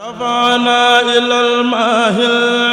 رفعنا إلى الماهل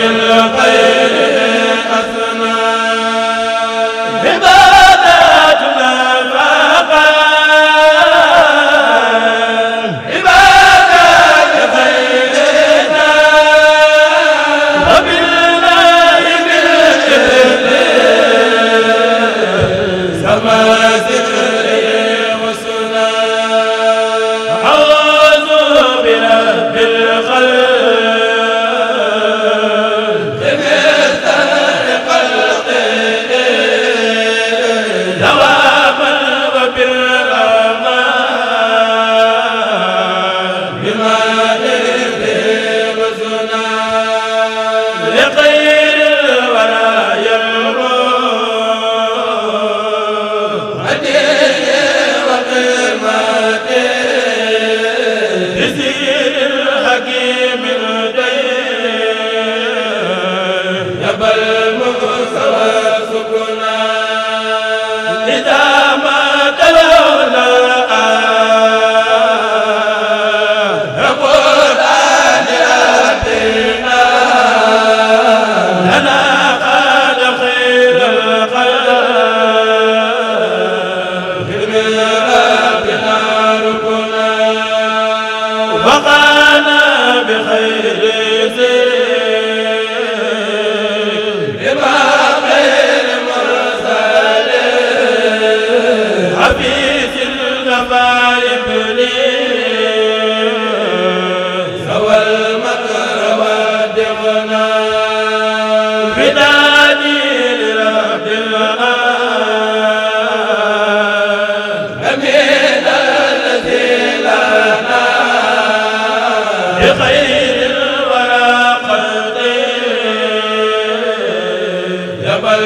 بالخير حكيم الدين يا بل amiin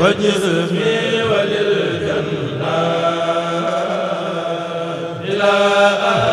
وجزمي وللجنة بلا أهل